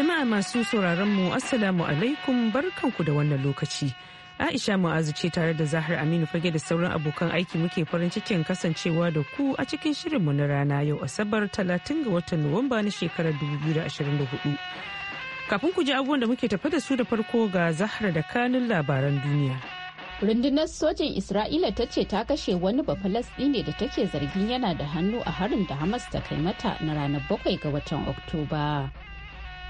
Jama'a masu sauraron mu Assalamu alaikum barkanku da wannan lokaci. Aisha Mu'azu ce tare da Zahar Aminu fage da sauran abokan aiki muke farin cikin kasancewa da ku a cikin shirinmu na rana yau Asabar 30 ga watan Nuwamba na shekarar 2024. Kafin ku ji abubuwan da muke tafi da su da farko ga Zahar da kanun labaran duniya. Rundunar sojin Isra'ila ta ce ta kashe wani bafalasɗine da take zargin yana da hannu a harin da Hamas ta kai mata na ranar bakwai ga watan Oktoba.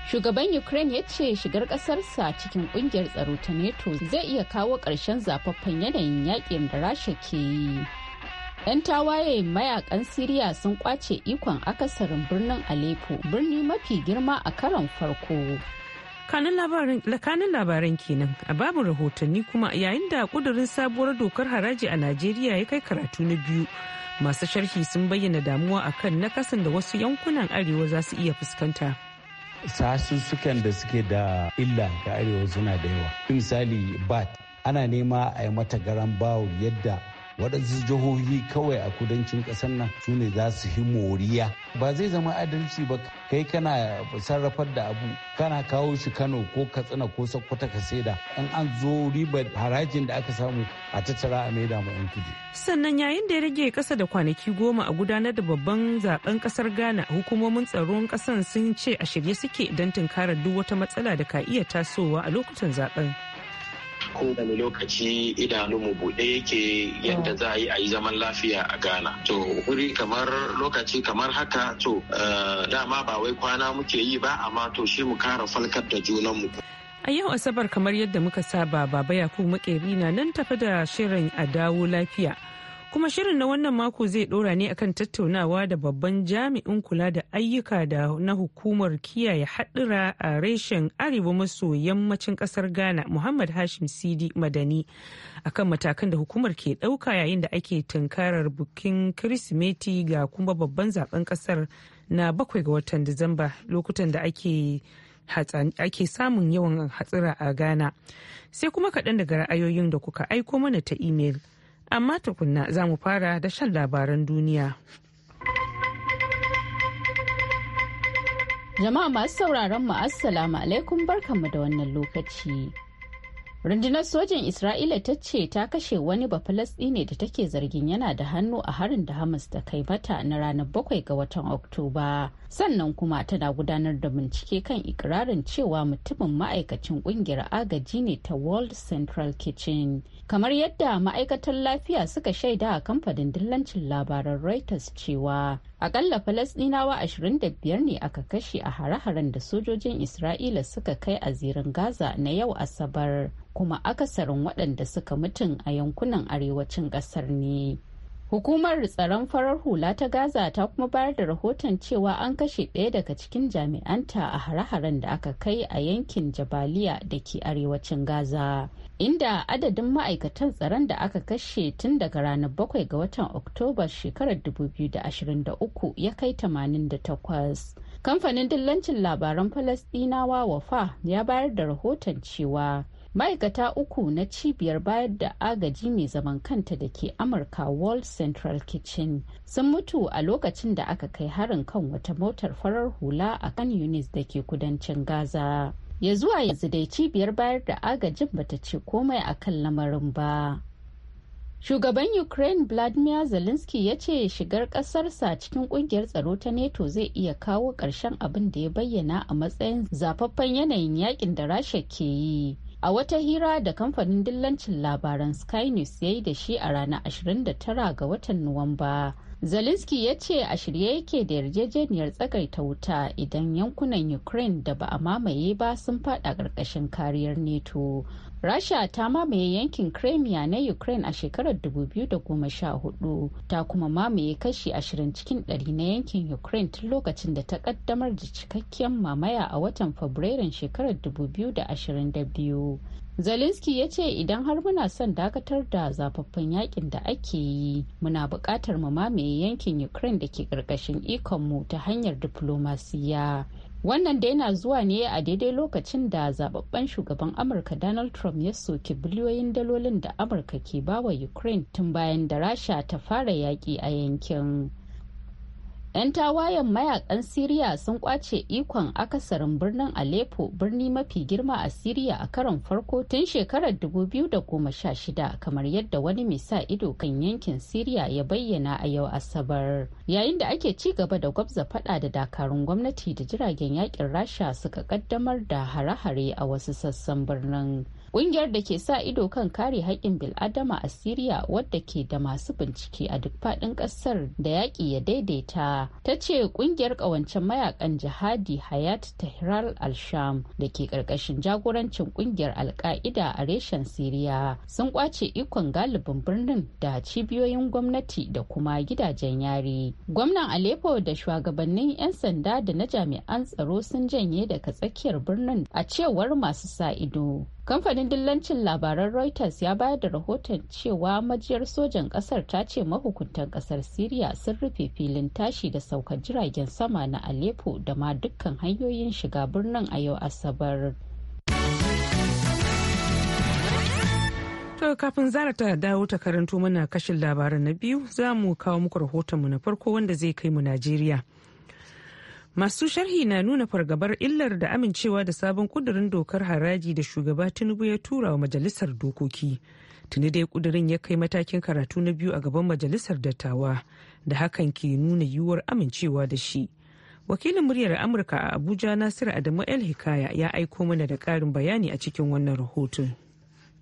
Shugaban Ukraine ya ce shigar ƙasarsa cikin ƙungiyar tsaro ta NATO zai iya kawo ƙarshen zafaffen yanayin yakin da Rasha ke yi. 'Yan tawaye mayakan Siriya sun kwace ikon akasarin birnin Aleppo, birni mafi girma a karon farko. kanin labaran kenan a babu rahotanni kuma yayin da kudurin sabuwar dokar haraji a najeriya ya kai karatu na biyu masu sharhi sun bayyana damuwa akan nakasan da wasu yankunan arewa za su iya fuskanta sasussukan da suke da illa ga arewa suna da yawa misali bat ana nema a yi mata garan bawul yadda waɗansu jihohi kawai a kudancin ƙasar nan su ne za su yi moriya ba zai zama adalci ba kai kana sarrafar da abu kana kawo shi kano ko katsina ko sokoto ka saida in an zo ribar harajin da aka samu a tattara a maida ma yan kudi. sannan yayin da ya rage kasa da kwanaki goma a gudanar da babban zaben kasar ghana hukumomin tsaron kasan sun ce a shirye suke don tunkarar duk wata matsala da ka iya tasowa a lokutan zaben kowane lokaci idanunmu buɗe yake yadda oh. za a yi a yi zaman lafiya a Ghana. To wuri kamar lokaci kamar haka to eh, dama ba wai kwana muke yi ba amma to shi mu kara falkar da mu. A yau Asabar kamar yadda muka saba baba Yakubu makeri na nan tafi da shirin a dawo lafiya. kuma shirin na wannan mako zai dora ne akan tattaunawa da babban jami'in kula da ayyuka da na hukumar kiyaye haɗura a reshen arewa maso yammacin ƙasar ghana muhammad hashim sidi madani akan matakan da hukumar ke ɗauka yayin da ake tunkarar bukin kirismeti ga kuma babban zaben ƙasar na bakwai ga watan disamba lokutan da ake ake samun yawan hatsira a ghana sai kuma kaɗan daga ra'ayoyin da kuka aiko mana ta imel. amma tukunna za mu fara da shan labaran duniya. Jama'a masu sauraron mu assalamu alaikum barkanmu da wannan lokaci. rundunar sojin isra'ila ta ce ta kashe wani ne da take zargin yana da hannu a harin da hamas ta kai mata na ranar bakwai ga watan oktoba sannan kuma tana gudanar da bincike kan ikirarin cewa mutumin ma'aikacin kungiyar agaji ne ta world central kitchen kamar yadda ma'aikatan lafiya suka shaida a kamfanin dillancin labaran reuters cewa Akalla Falasɗinawa 25 ne aka kashe a hare-haren da sojojin Isra'ila suka kai a zirin Gaza na yau Asabar, kuma akasarin waɗanda suka mutun a yankunan arewacin ƙasar ne. Hukumar tsaron farar hula ta Gaza ta kuma bayar da rahoton cewa an kashe ɗaya daga cikin jami'anta a hare-haren da aka kai a yankin Jabaliya da ke arewacin Gaza. inda adadin ma'aikatan tsaron da aka kashe tun daga ranar 7 ga watan oktoba shekarar 2023 ya kai 88 kamfanin dillancin labaran falasdinawa wafa ya bayar da rahoton cewa ma'aikata uku na cibiyar bayar da agaji mai zaman kanta da ke amurka world central kitchen sun mutu a lokacin da aka kai harin kan wata motar farar hula a kan yunis da ke kudancin gaza ya zuwa yanzu dai cibiyar bayar da agajin bata ce komai a kan lamarin ba shugaban ukraine vladimir zelensky ya ce shigar kasarsa cikin ƙungiyar tsaro ta neto zai iya kawo ƙarshen abin da ya bayyana a matsayin zafaffen yanayin yakin da rasha ke yi a wata hira da kamfanin dillancin labaran sky news ya yi da shi a ranar 29 ga watan nuwamba Zelensky ya ce a shirye yake da yarjejeniyar tsagaita wuta idan yankunan Ukraine da ba a mamaye ba sun fada ƙarƙashin kariyar NATO. Rasha ta mamaye yankin Crimea na Ukraine a shekarar 2014 ta kuma mamaye kashi 20 cikin 100 na yankin Ukraine tun lokacin da ta kaddamar da cikakkiyar mamaya a watan Fabrairun shekarar 2022. Zelensky ya ce idan har muna son dakatar da zafaffen yakin da ake yi muna buƙatar mu mamaye yankin Ukraine da ke ƙarƙashin ikonmu ta hanyar diflomasiya. Wannan da yana zuwa ne a daidai lokacin da zababban shugaban Amurka Donald Trump ya soki biliyoyin dalolin da Amurka ke bawa Ukraine tun bayan da Rasha ta fara yaƙi a yankin. 'Yan tawayen mayakan Siriya sun kwace ikon akasarin birnin Aleppo birni mafi girma a Siriya a karon farko tun shekarar 2016 kamar yadda wani mai sa ido kan yankin Siriya ya bayyana a yau Asabar. Yayin da ake ci gaba da gwabza fada da dakarun gwamnati da jiragen yakin Rasha suka kaddamar da hare-hare a wasu sassan birnin. Ƙungiyar da ke sa ido kan kare haƙƙin bil'adama a Siriya wadda ke da masu bincike a duk faɗin ƙasar da yaƙi ya daidaita ta ce ƙungiyar ƙawancen mayakan jihadi Hayat Tahrir al-Sham da ke ƙarƙashin jagorancin ƙungiyar Al-Qaida a reshen Siriya sun ƙwace ikon galibin birnin da cibiyoyin gwamnati da kuma gidajen yari. Gwamnan Aleppo da shugabannin 'yan sanda da na jami'an tsaro sun janye daga tsakiyar birnin a cewar masu sa ido. kamfanin dillancin labaran reuters ya bayar da rahoton cewa majiyar sojan kasar ta ce mahukuntan kasar syria sun rufe filin tashi da saukar jiragen sama na aleppo da ma dukkan hanyoyin shiga birnin a yau asabar To kafin zara ta dawo ta karanto mana kashin labaran na biyu za mu kawo muku rahotonmu na farko wanda zai kai mu Najeriya. masu sharhi na nuna fargabar illar da amincewa da sabon kudurin dokar haraji da shugaba tinubu ya tura wa majalisar dokoki tuni dai kudurin ya kai matakin karatu na biyu a gaban majalisar dattawa da hakan ke nuna yiwuwar amincewa da shi wakilin muryar amurka a abuja nasiru adamu el hikaya ya aiko mana da karin bayani a cikin wannan rahoton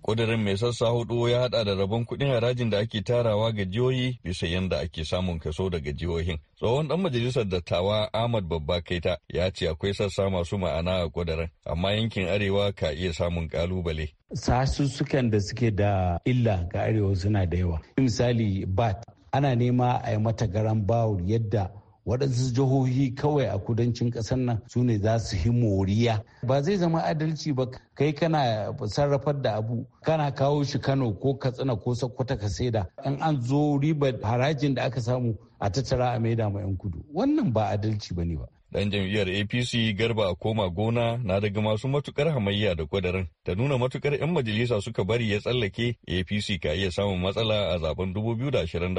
kudirin mai sassa hudu ya hada da rabon kuɗin harajin da ake tarawa ga jihohi bisa yadda ake samun kaso daga jihohin. Tsohon ɗan majalisar dattawa Ahmad Babba Kaita ya ce akwai sassa masu ma'ana a kudirin amma yankin Arewa ka iya samun ƙalubale. Sasussukan da suke da illa ga Arewa suna da yawa. Misali BAT ana nema a yi mata garan bawul yadda waɗansu jihohi kawai a kudancin ƙasar nan su ne za su yi moriya ba zai zama adalci ba kai kana sarrafar da abu kana kawo shi kano ko katsina ko sokoto ka saida in an zo ribar harajin da aka samu a tattara a maida ma 'yan kudu wannan ba adalci ba ne ba Dan jam'iyyar APC Garba a koma gona na daga masu matukar hamayya da kwadarin ta nuna matukar 'yan majalisa suka bari ya tsallake APC ka iya samun matsala a zaben 2027.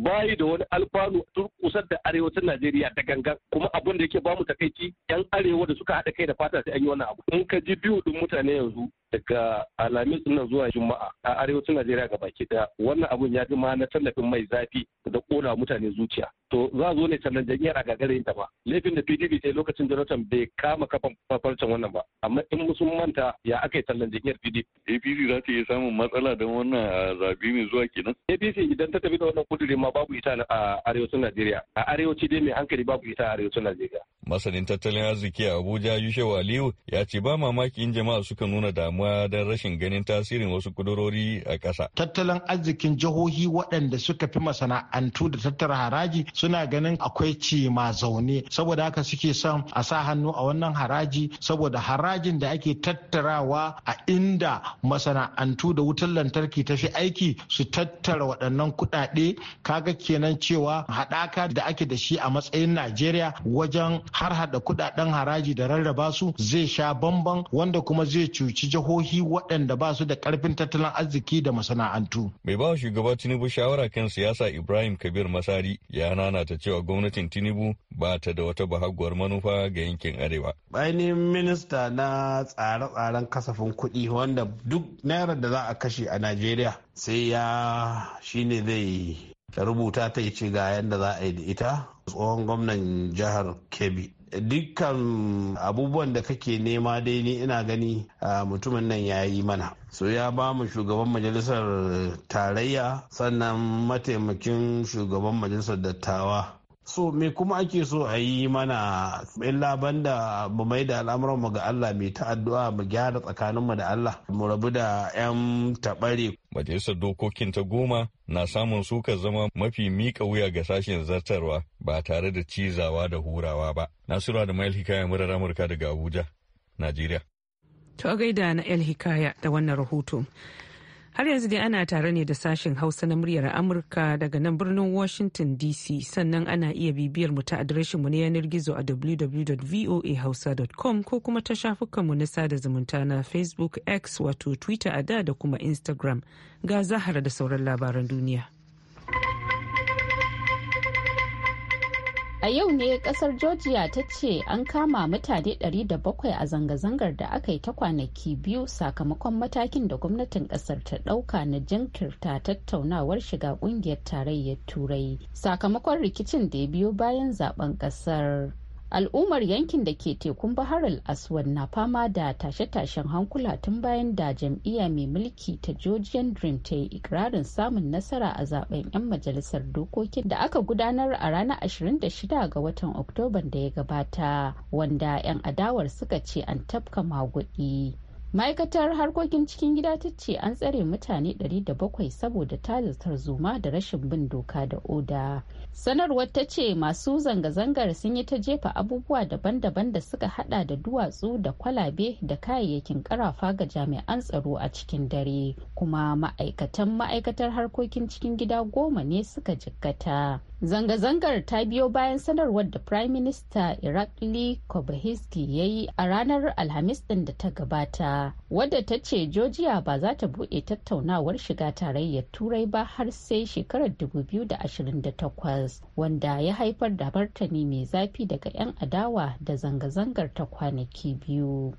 Bayi da wani alfanu turkusar da arewacin Najeriya da gangan kuma abin da yake ba mu takaici 'yan arewa da suka haɗa kai da fata sai an yi wannan abu. In ka ji biyu din mutane yanzu daga alhamis nan zuwa juma'a a arewacin najeriya ga baki daya wannan abun ya fi ma na tallafin mai zafi da kona mutane zuciya to za zo ne sannan jam'iyyar a gagare ta ba laifin da PDP sai lokacin Jonathan bai kama kafan farfarcin wannan ba amma in sun manta ya aka yi sallan jam'iyyar PDP APC za ta iya samun matsala don wannan zabi mai zuwa kenan APC idan ta tafi da wannan kudurin ma babu ita a arewacin Najeriya a arewaci dai mai hankali babu ita a arewacin Najeriya Masanin tattalin arziki a Abuja yushe Aliyu ya ce ba mamaki in jama'a suka nuna damuwa don rashin ganin tasirin wasu kudurori a ƙasa. Tattalin arzikin jihohi waɗanda suka fi masana'antu da tattara haraji suna ganin akwai ci ma zaune saboda haka suke son a sa hannu a wannan haraji saboda harajin da ake tattarawa a inda masana'antu da wutar lantarki ta fi aiki su tattara waɗannan kuɗaɗe kaga kenan cewa haɗaka da ake da shi a matsayin Najeriya wajen har hada kudaden haraji da rarraba su zai sha bamban wanda kuma zai cuci jihohi waɗanda ba su da karfin tattalin arziki da masana'antu. Mai ba shugaba Tinubu shawara kan siyasa Ibrahim Kabir Masari ya nana ta cewa gwamnatin Tinubu ba ta da wata bahaguwar manufa ga yankin Arewa. Ainihin minista na tsare-tsaren kasafin kuɗi wanda duk naira da za a kashe a Najeriya sai ya shine zai ta rubuta ta ce ga yadda za a yi da ita tsohon gwamnan jihar kebbi dukkan abubuwan da kake nema dai ni ina gani mutumin nan ya yi mana so ya ba mu shugaban majalisar tarayya sannan mataimakin shugaban majalisar dattawa so me kuma ake so a yi mana illa banda mu mai da al'amuranmu ga Allah mai ta addu'a mu gyara tsakaninmu da Allah mu rabu da 'yan taɓare. Majalisar dokokin ta goma na samun sukar zama mafi miƙa wuya ga sashen zartarwa ba tare da cizawa da hurawa ba. Nasura da Mail Hikaya murar Amurka daga Abuja, Najeriya. To gaida na El Hikaya da wannan rahoto. Har yanzu dai ana tare ne da sashen Hausa na muryar Amurka daga nan birnin Washington DC sannan ana iya bibiyar mu ta adireshinmu na yanar gizo a www.voahausa.com ko kuma ta shafukanmu na sada zumunta na Facebook X wato Twitter a da da kuma Instagram ga zahara da sauran labaran duniya. A yau ne kasar Georgia ta ce an kama mutane 700 a zanga-zangar da aka yi ta kwanaki biyu sakamakon matakin da gwamnatin kasar ta ɗauka na jinkirta tattaunawar shiga kungiyar tarayyar turai sakamakon rikicin da ya biyo bayan zaben kasar. al'ummar yankin da ke tekun bahar al-aswad na fama da tashe-tashen hankula tun bayan da jam'iyya mai mulki ta georgian dream ta yi ikirarin samun nasara a zaben 'yan majalisar dokokin da aka gudanar a ranar 26 ga watan oktoban da ya gabata wanda 'yan adawar suka ce an tafka maguɗi ma'aikatar harkokin cikin gida ta ce an tsare mutane 700 saboda tada zuma da rashin bin doka da oda sanarwar ta ce masu zanga-zangar sun yi ta jefa abubuwa daban-daban da suka hada da duwatsu da kwalabe da kayayyakin karafa ga jami'an tsaro a cikin dare kuma ma'aikatan ma'aikatar harkokin cikin gida goma ne suka jikkata Zanga-zangar ta biyo bayan sanarwar da Prime Minister Irakli Kobahiski ya yi a ranar Alhamis ɗin da ta gabata, wadda ta ce Georgia ba za ta buɗe tattaunawar shiga tarayyar Turai ba har sai shekarar 2028, wanda ya haifar da martani mai zafi daga 'yan adawa da zanga-zangar ta kwanaki biyu.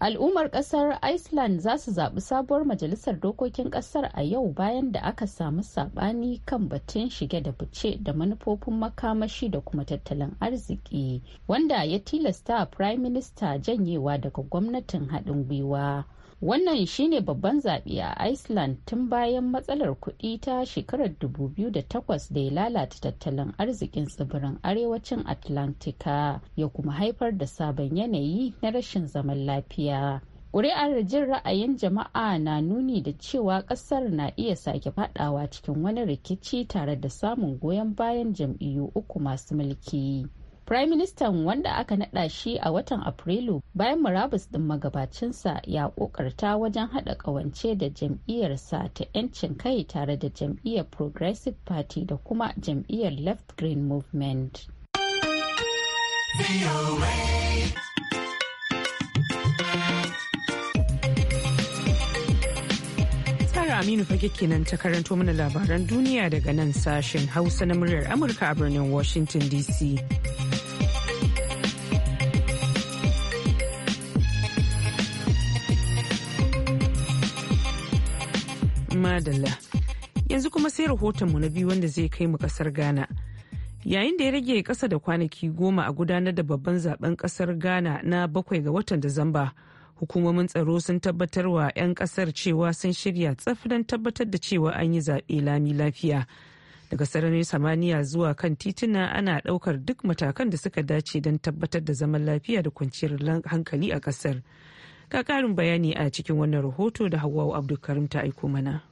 al'ummar kasar iceland za su zaɓi sabuwar majalisar dokokin kasar a yau bayan da aka samu saɓani kan batun shige da fice da manufofin makamashi da kuma tattalin arziki wanda ya tilasta prime minister janyewa daga gwamnatin haɗin gwiwa Wannan shine babban zaɓe a Iceland tun bayan matsalar kuɗi ta shekarar 2008 da ya lalata tattalin arzikin tsibirin arewacin Atlantika ya kuma haifar da sabon yanayi na rashin zaman lafiya. Ƙuri'ar jin ra'ayin jama'a na nuni da cewa ƙasar na iya sake faɗawa cikin wani rikici tare da samun goyon bayan jam'iyyu uku masu mulki. Prime Minister wanda aka naɗa shi a watan Afrilu bayan murabus ɗin magabacinsa ya ƙoƙarta wajen haɗa ƙawance da jam'iyyarsa ta 'yancin kai tare da jam'iyyar Progressive Party da kuma jam'iyyar Left Green Movement. Aminu fage kenan ta karanto mana labaran duniya daga nan sashen Hausa na muryar Amurka a birnin Washington DC. Madalla. Yanzu kuma sai rahotonmu na biyu wanda zai kai mu kasar Ghana. Yayin da ya rage kasa da kwanaki goma a gudanar da babban zaben kasar Ghana na bakwai ga watan Disamba. Hukumomin tsaro sun tabbatar wa 'yan kasar cewa sun shirya tsaf don tabbatar da cewa an yi zaɓe lami lafiya. Daga sararin samaniya zuwa kan tituna ana ɗaukar duk matakan da suka dace don tabbatar da zaman lafiya da kwanciyar hankali a kasar. Ga ƙarin bayani a cikin wannan rahoto da Hawwa Abdulkarim ta aiko mana.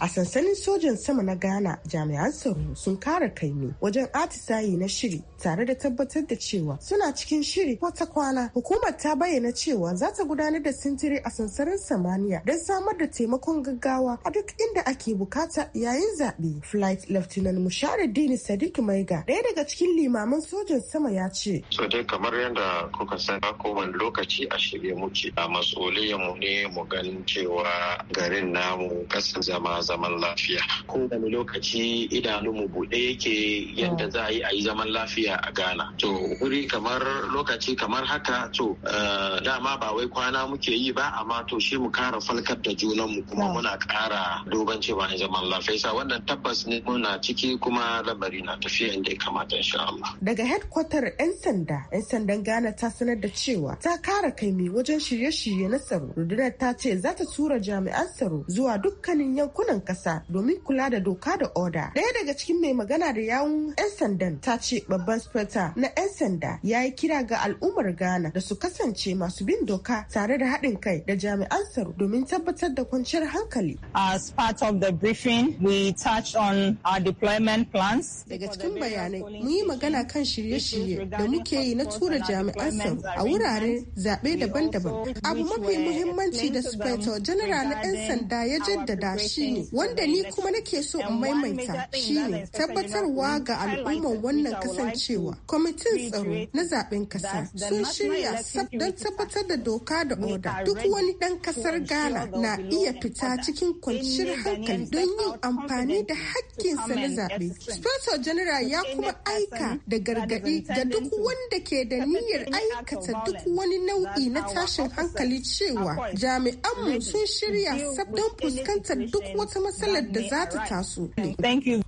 a sansanin sojan sama na ghana jami'an tsaro sun kara ne. wajen atisayi na shiri tare da tabbatar da cewa suna cikin shiri wata kwana hukumar ta bayyana cewa za ta gudanar da sintiri a sansanin samaniya don samar da taimakon gaggawa a duk inda ake bukata yayin zaɓe flight lieutenant Dini sadiq maiga ɗaya daga cikin limaman sojan sama ya ce so kamar yadda kuka san kowane lokaci a shirye muke a mu ne mu ganin cewa garin namu kasan zama zaman lafiya kowane lokaci mu buɗe yake yadda mm. za a yi a yi zaman lafiya a ghana to wuri kamar lokaci kamar haka to eh, dama ba wai kwana muke yi ba amma to shi mu kara falkar da junanmu kuma mm. muna kara dogon cewa ne zaman lafiya sa wannan tabbas ne muna ciki kuma labari na tafiya inda ya kamata insha Allah daga headquarter 'yan sanda 'yan sandan Ghana ta sanar da cewa ta kara kaimi wajen shirye-shirye na tsaro rundunar ta ce za ta tura jami'an tsaro zuwa dukkanin yankunan sassan kasa domin kula da doka da oda. Daya daga cikin mai magana da yawun 'yan sandan ta ce babban speta na 'yan sanda ya yi kira ga al'ummar Ghana da su kasance masu bin doka tare da haɗin kai da jami'an tsaro domin tabbatar da kwanciyar hankali. As part of the briefing, we touched on our deployment plans. Daga cikin bayanai, mun yi magana kan shirye-shirye da muke yi na tura jami'an tsaro a wuraren zaɓe daban-daban. Abu mafi muhimmanci da Spector General na 'yan sanda ya jaddada shi ne wanda ni kuma nake so in maimaita shine tabbatarwa ga al'umman wannan kasancewa. kwamitin tsaro na zaben kasa sun shirya don tabbatar da doka da oda duk wani dan kasar ghana na iya fita cikin kwanciyar hankali don yin amfani da hakkinsa na zaɓe sponsor general ya kuma aika da gargaɗi ga duk wanda ke da niyyar aikata duk wani nau'i na tashin hankali cewa jami'anmu sun shirya sab don fuskantar duk wata wata matsalar da za ta taso.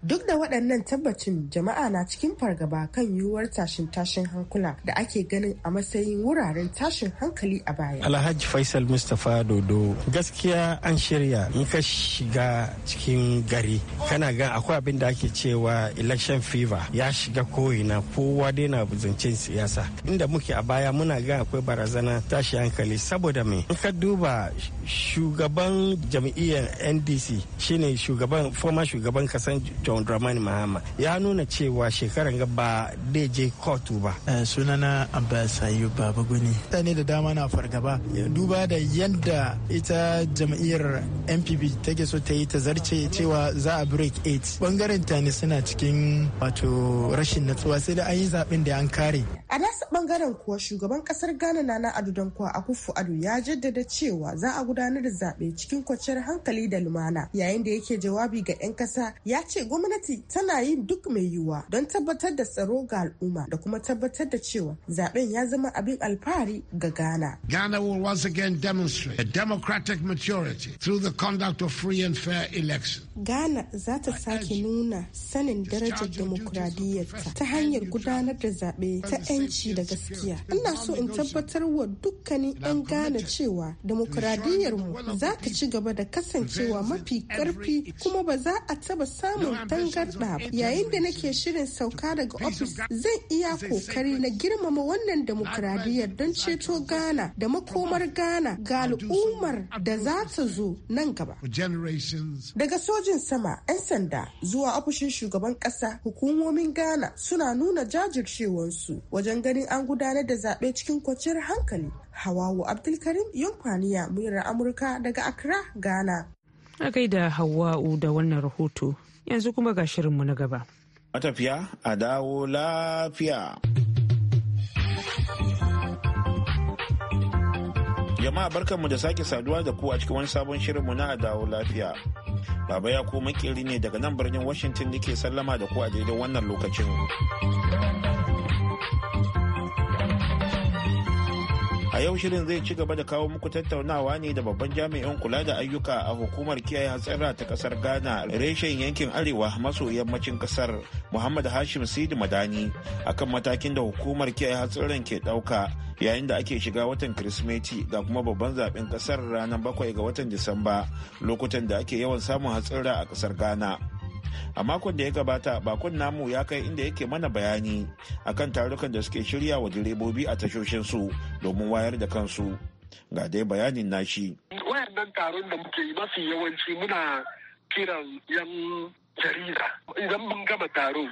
Duk da waɗannan tabbacin jama'a na cikin fargaba kan yiwuwar tashin tashin hankula da ake ganin a matsayin wuraren tashin hankali a baya. Alhaji Faisal Mustapha Dodo gaskiya an shirya in ka shiga cikin gari kana ga akwai abin da ake cewa election fever ya shiga ko'ina kowa dai na zancen siyasa inda muke a baya muna ga akwai barazana tashin hankali saboda me in ka duba shugaban jam'iyyar ndc shine shugaban former shugaban kasan john dramani mahama ya nuna cewa shekaran gaba ba dai je kotu ba eh, sunana abbas ayub baba guni mutane da dama na fargaba duba da yadda ita jam'iyyar npp take so ta yi ta zarce cewa za a break 8 bangaren ta ne suna cikin wato rashin natsuwa sai da an yi zaben da an kare A nasa bangaren kuwa shugaban kasar Ghana Nana Ado Dankwa Akufo Ado ya jaddada cewa za a gudanar da zaɓe cikin kwanciyar hankali da lumana. Yayin da yake jawabi ga 'yan ƙasa ya ce gwamnati tana yin duk mai yiwuwa don tabbatar da tsaro ga al'umma da kuma tabbatar da cewa zaɓen ya zama abin alfahari ga Ghana. Ghana will once again demonstrate a democratic maturity through the conduct of free and fair elections. Ghana za ta sake nuna sanin darajar demokuraɗiyyarta ta hanyar gudanar da zaɓe ta 'yan adalci da gaskiya ina so in tabbatar wa dukkanin 'yan gane cewa mu za ta ci gaba da kasancewa mafi karfi kuma ba za a taba samun tangarɗa yayin da nake shirin sauka daga ofis zan iya kokari na girmama wannan demokuraɗiyyar don ceto ghana da makomar ghana ga al'ummar da za ta zo nan gaba daga sojin sama 'yan sanda zuwa ofishin shugaban ƙasa hukumomin ghana suna nuna jajircewarsu wajen wajen ganin an gudanar da zaɓe cikin kwanciyar hankali. Hawawu Abdulkarim Yunfaniya muryar Amurka daga Accra, Ghana. A da Hawawu da wannan rahoto yanzu kuma ga shirinmu na gaba. Matafiya a dawo lafiya. Jama'a barkanmu da sake saduwa da ku a cikin wani sabon shirinmu na a dawo lafiya. Baba ya ko makeri ne daga nan birnin Washington da ke sallama da ku a daidai wannan lokacin. A yau shirin zai ci gaba da kawo muku tattaunawa ne da babban jami'in kula da ayyuka a hukumar kiyaye hatsara ta kasar Ghana reshen yankin arewa maso yammacin kasar Muhammad Hashim Sidi Madani akan matakin da hukumar kiyaye hatsarin ke dauka yayin da ake shiga watan Kirsimeti ga kuma babban zaben kasar ranar bakwai ga watan Disamba lokutan da ake yawan samun hatsara a kasar Ghana. a makon da ya gabata bakon namu ya kai inda yake mana bayani akan tarukan da suke shirya wa direbobi a tashoshinsu domin wayar da kansu ga dai bayanin nashi wayannan taron da muke yi mafi yawanci muna kiran yan jarida idan mun gama taron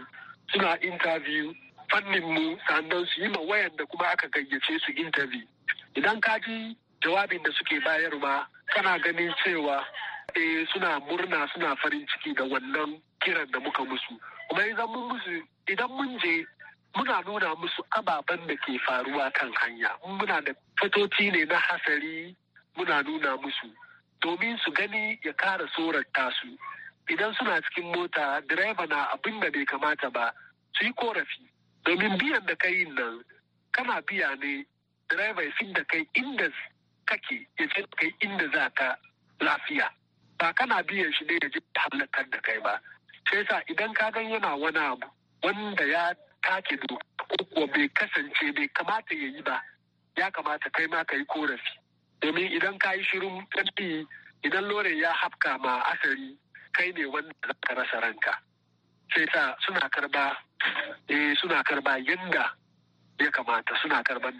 suna interview fannin mu sannan su yi ma wayan da kuma aka gayyace su interview idan ka ji jawabin da suke bayarwa kana ganin cewa eh suna murna suna farin ciki da wannan kiran da muka musu kuma idan mun je muna nuna musu ababen da ke faruwa kan hanya muna da fitoci ne na hasari muna nuna musu domin su gani ya kara tsorata su idan suna cikin mota direba na abin da bai kamata ba su yi korafi domin biyan da kai nan kana biya ne direba ya da kai inda kake ya fi kai inda za ka lafiya ba kana biyan shi ne ya ji halatar da kai ba sai sa idan ka gan yana wani abu wanda ya take doka ko bai kasance bai kamata ya yi ba ya kamata kai ma ka yi korafi domin idan ka yi shirin tafi idan loren ya hafka ma asari kai ne wanda za ka rasa ranka sai sa suna karba eh suna karba yanda ya kamata suna karban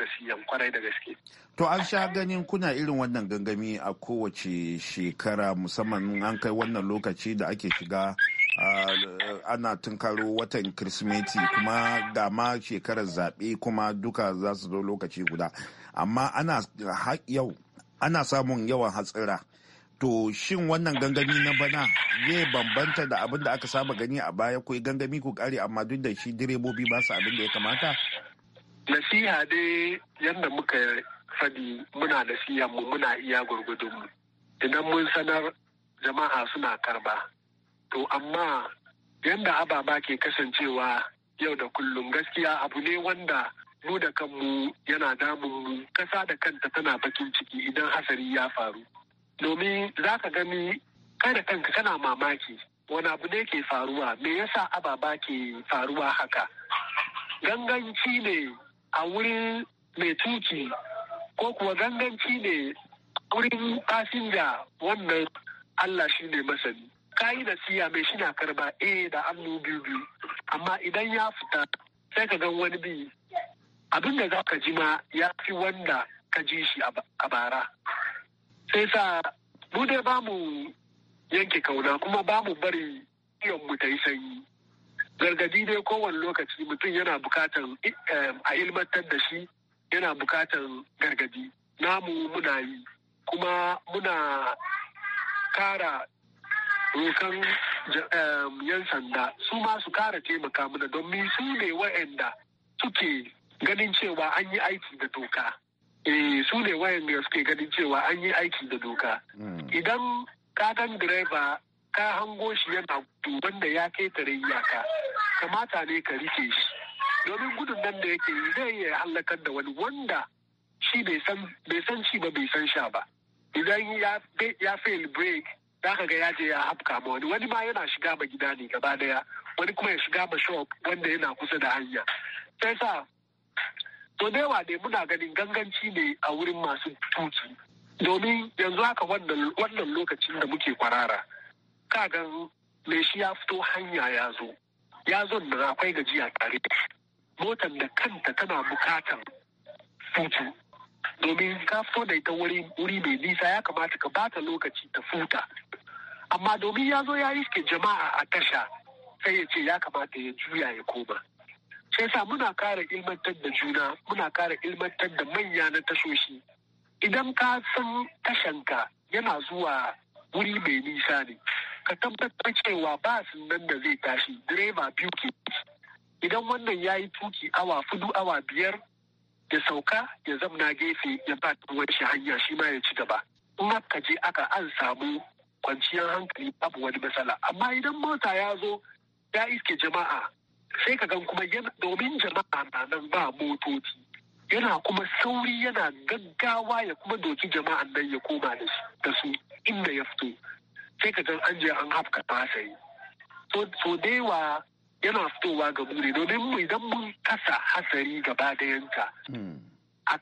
kwarai da gaske. To an sha ganin kuna irin wannan gangami a kowace shekara musamman an kai wannan lokaci da ake shiga ana tunkaro watan kirsimeti kuma ga ma shekarar zaɓe kuma duka za su zo lokaci guda amma ana yau ana samun yawan hatsira to shin wannan gangami na bana zai bambanta da abin da aka saba gani a baya ko gangami ku kare amma duk da shi direbobi ba su abin da ya kamata nasiha dai yadda muka faɗi muna nasiha mu muna iya mu idan mun sanar jama'a suna karba to amma yadda ababa ke kasancewa yau da kullum gaskiya abu ne wanda mu da kanmu yana damun kasa da kanta tana bakin ciki idan hasari ya faru domin za ka gani kada kanka kana mamaki wani abu ne ke faruwa me yasa ababa ke faruwa haka ganganci ne a wurin mai tuki ko kuwa ganganci ne wurin fasinja wannan Allah shi ne masani. Kayi da siya mai shi na karba eh da hannu biyu biyu amma idan ya fita sai ka gan wani bi abin da za ka ji ma ya fi wanda ka ji shi a bara. Sai sa mu dai ba mu yanke kauna kuma ba mu bari iyon mu ta yi sanyi. gargadi dai kowane lokaci mutum yana bukatar eh, a ilmantar da shi yana bukatar gargadi namu muna yi kuma muna kara rokan eh, yan sanda su ma su kara taimaka mana domin su ne wa'anda suke ganin cewa an yi aiki da doka eh su ne wa'anda suke ganin cewa an yi aiki da doka hmm. idan ka direba ka hango shi yana duban da ya kai tare iyaka kamata ne ka rike shi domin gudun nan da yake yi zai iya hallakar da wani wanda shi bai san shi ba bai san sha ba idan ya fail break za ka ga ya je ya hafka ma wani wani ma yana shiga ma gida ne gaba daya wani kuma ya shiga ma shop wanda yana kusa da hanya sai sa to da yawa ne muna ganin ganganci ne a wurin masu tuki domin yanzu haka wannan lokacin da muke kwarara ka ga me shi ya fito hanya ya zo ya zan da akwai gajiya tare motar da kanta tana bukatar hutu domin ka fito da ita wuri mai nisa ya kamata ka bata lokaci ta futa amma domin ya zo ya yi ke jama'a a tasha sai ya ce ya kamata ya juya ya koma sai sa muna kara ilmantar da juna muna kara ilmantar da manya na tashoshi idan ka san tashanka yana zuwa wuri mai nisa ne ka tabbatar cewa su nan da zai tashi direba biyu ke idan wannan ya yi tuki awa fudu awa biyar ya sauka ya zamna gefe ya ba wani hanya shi ma ya ci gaba in ka je aka an samu kwanciyar hankali babu wani matsala amma idan mota ya zo ya iske jama'a sai ka gan kuma domin jama'a na nan ba motoci yana kuma sauri yana gaggawa ya kuma doki jama'an nan ya koma da su inda ya fito sai ka an je an hafka yi. so da yawa yana fitowa ga mu ne domin mu idan mun kasa hasari gaba a hmm.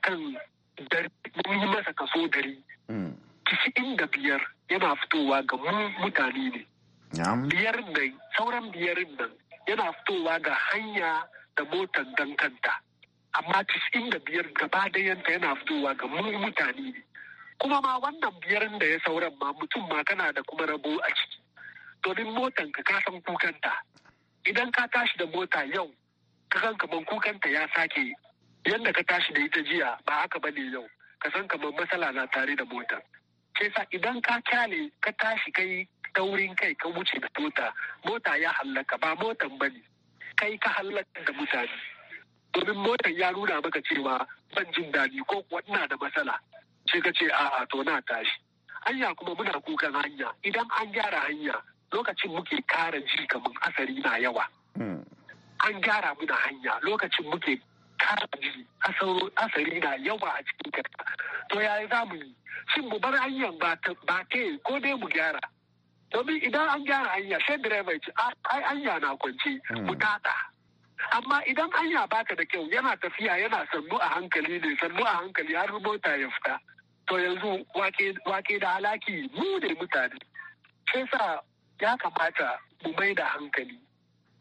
kan mun yi masa kaso dari hmm. tisa'in da biyar yana fitowa ga mu mutane ne biyar nan sauran biyar nan yana fitowa ga hanya da motar dankanta amma tisa'in da biyar gaba yanka yana fitowa ga mu mutane ne kuma ma wannan biyar da ya sauran ma mutum ma kana da kuma rabo a ciki domin motan ka san kukanta idan ka tashi da mota yau ka san kaman kukanta ya sake yadda ka tashi da ita jiya ba haka bane yau ka san kaman matsala na tare da mota sai sa idan ka kyale ka tashi kai taurin kai ka wuce da mota mota ya hallaka ba motan bane kai ka hallaka da mutane domin motan ya nuna maka cewa ban jin daɗi ko kuwa ina da matsala sai ka ce a'a to na tashi hanya kuma muna kukan hanya idan an gyara hanya lokacin muke kara ji kamar asari na yawa hmm. an gyara muna hanya lokacin muke kara ji asari na yawa a cikin karta to yaya za mu yi shin mu bar hanyar ba ta ko dai mu gyara domin idan an gyara hanya sai direba ya ce ai hanya na kwance hmm. mu tata amma idan hanya baka da kyau yana tafiya yana sannu a hankali ne sannu a hankali har mota ya fita to yanzu wake da halaki mu da mutane sai sa ya kamata mu mai da hankali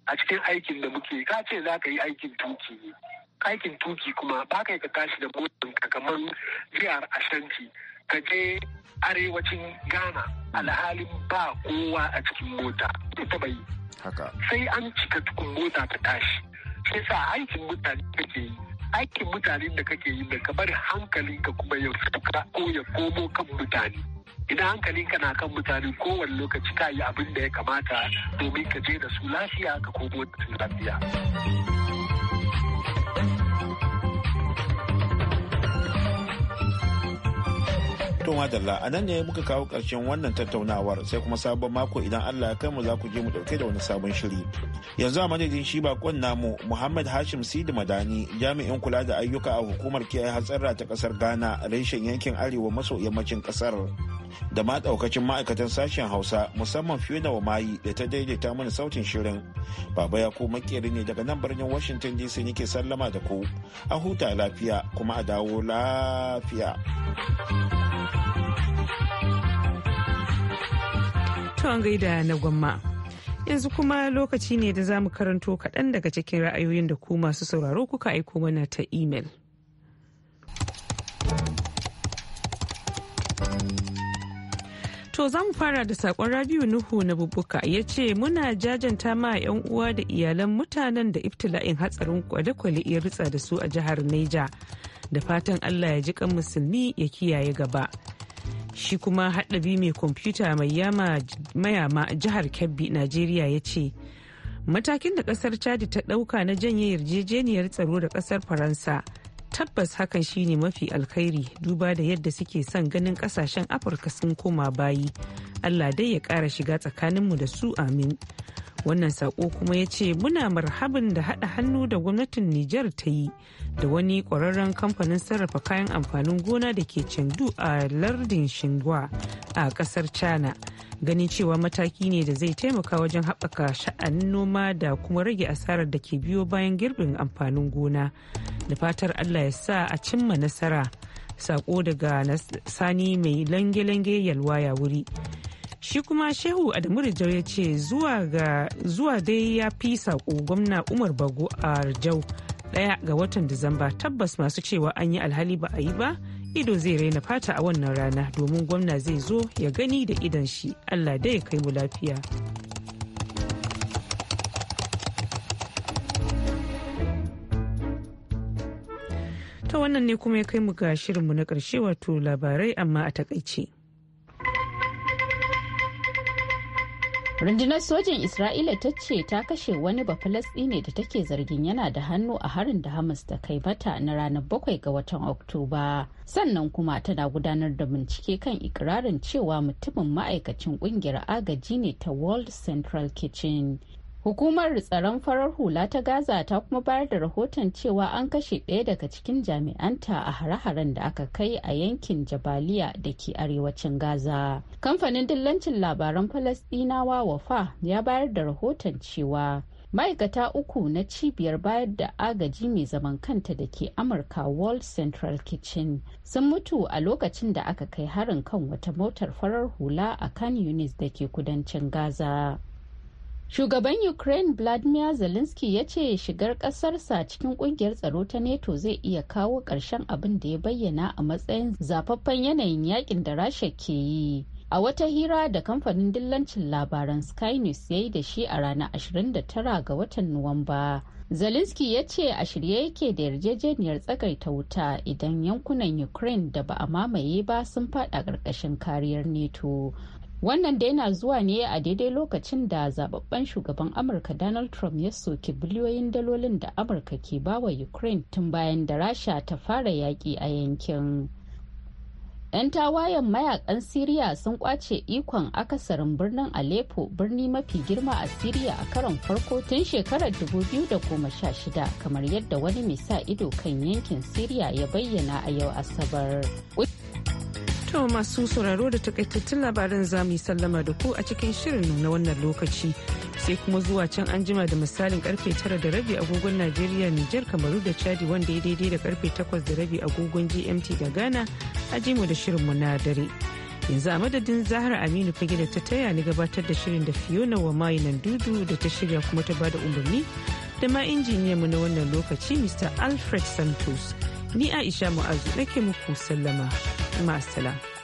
a cikin aikin da muke ka ce za ka yi aikin tuki ne aikin tuki kuma ba kai ka tashi da motan ka kamar jihar ashanti ka je arewacin ghana alhalin ba kowa a cikin mota ta yi sai an cika tukun mota ta tashi sai sa aikin mutane kake yi aikin mutanen da kake yi da kamar hankalin hankalinka kuma ya fuka ko ya komo kan mutane idan hankalin ka na kan mutane kowane lokaci ka yi abin da ya kamata domin ka je da su lafiya ka komo da su lafiya To madalla a nan ne muka kawo ƙarshen wannan tattaunawar sai kuma sabon mako idan Allah ya kai mu za ku je mu ɗauke da wani sabon shiri. Yanzu a madadin shi bakon namu Muhammad Hashim Sidi Madani jami'in kula da ayyuka a hukumar kiyaye hatsarra ta kasar Ghana reshen yankin arewa maso yammacin ƙasar. da ma daukacin ma'aikatan sashen hausa musamman fiona wa mayi da ta daidaita mana sautin shirin baba ya ko makeri ne daga nan birnin washington dc nake sallama da ku a huta lafiya kuma a dawo lafiya an gaida na gwamma yanzu kuma lokaci ne da za mu karanto kaɗan daga cikin ra'ayoyin da ku masu sauraro kuka aiko mana ta imel. To za mu fara da sakon radio Nuhu na bubuka ya ce muna jajanta ma 'yan uwa da iyalan mutanen da ibtila'in hatsarin kwale-kwale ya ritsa da su a jihar Neja. Da fatan Allah ya ji kan musulmi ya kiyaye gaba. Shi kuma haɗabi mai kwamfuta mai yama mayama a jihar Kebbi, Najeriya ya ce, Matakin da ƙasar Chadi ta ɗauka na janye yarjejeniyar tsaro da ƙasar Faransa. tabbas hakan shine mafi alkhairi duba da yadda suke son ganin kasashen afirka sun koma bayi allah dai ya kara shiga tsakaninmu da su amin wannan sako kuma ya ce muna marhabin da haɗa hannu da gwamnatin Nijar ta yi da wani ƙwararren kamfanin sarrafa kayan amfanin gona da ke Chengdu a lardin Shingwa a ƙasar China. Ganin cewa mataki ne da zai taimaka wajen haɓaka sha'anin noma da kuma rage asarar da ke biyo bayan girbin amfanin gona. Da fatar Allah ya sa a cimma nasara. Sako daga sani mai lange-lange yalwa ya wuri. shi kuma shehu adamu ya ce zuwa dai ya fi saƙo gwamna umar bago a jau ɗaya ga watan disamba tabbas masu cewa an yi alhali ba a yi ba ido zai raina fata a wannan rana domin gwamna zai zo ya gani da idan shi allah dai ya kai mu lafiya ta wannan ne kuma ya kai mu ga shirinmu na ƙarshe wato labarai amma a takaice. rundunar sojin isra'ila ta ce ta kashe wani ne da take zargin yana da hannu a harin da hamas ta kai mata na ranar bakwai ga watan oktoba sannan kuma tana gudanar da bincike kan ikirarin cewa mutumin ma'aikacin kungiyar agaji ne ta world central kitchen Hukumar tsaron farar hula ta Gaza ta kuma bayar da rahoton cewa an kashe ɗaya daga cikin jami'anta a hare-haren da aka kai a yankin Jabaliya da ke arewacin Gaza. Kamfanin dillancin labaran Falasɗinawa Wafa ya bayar da rahoton cewa ma'aikata uku na cibiyar bayar da agaji mai zaman kanta da ke amurka world central kitchen sun mutu a lokacin da aka kai harin kan wata motar farar hula a kan yunis da ke kudancin gaza Shugaban Ukraine Vladimir Zelensky ya ce shigar ƙasarsa cikin ƙungiyar tsaro ta NATO zai iya kawo ƙarshen abin da ya bayyana a matsayin zafaffen yanayin yakin da Rasha ke yi. A wata hira da kamfanin dillancin labaran Sky News ya yi da shi a ranar 29 ga watan Nuwamba. Zelensky ya ce a shirye yake da yarjejeniyar tsagaita wuta idan yankunan Ukraine da ba a mamaye ba sun faɗa ƙarƙashin kariyar NATO. wannan da yana zuwa ne a daidai lokacin da zababben shugaban amurka donald trump ya soki biliyoyin dalolin da amurka ke bawa ukraine tun bayan da rasha ta fara yaƙi a yankin 'yan tawayen mayakan siriya sun kwace ikon akasarin birnin aleppo birni mafi girma a siriya a karon farko tun shekarar 2016 kamar yadda wani mai sa ido kan yankin siriya ya bayyana a yau asabar To masu sauraro da takaitattun labaran za mu yi sallama da ku a cikin shirin na wannan lokaci sai kuma zuwa can an jima da misalin karfe tara da rabi agogon Najeriya Nijar Kamaru da Chadi wanda ya daidai da karfe takwas da rabi agogon GMT da Ghana a jimu da mu na dare. Yanzu a madadin Zahra Aminu fage da ta taya ni gabatar da shirin da Fiona wa mayinan dudu da ta shirya kuma ta bada umarni da ma mu na wannan lokaci Mr. Alfred Santos. نيئة إشام أجل لكي مكو سلمة مع السلامة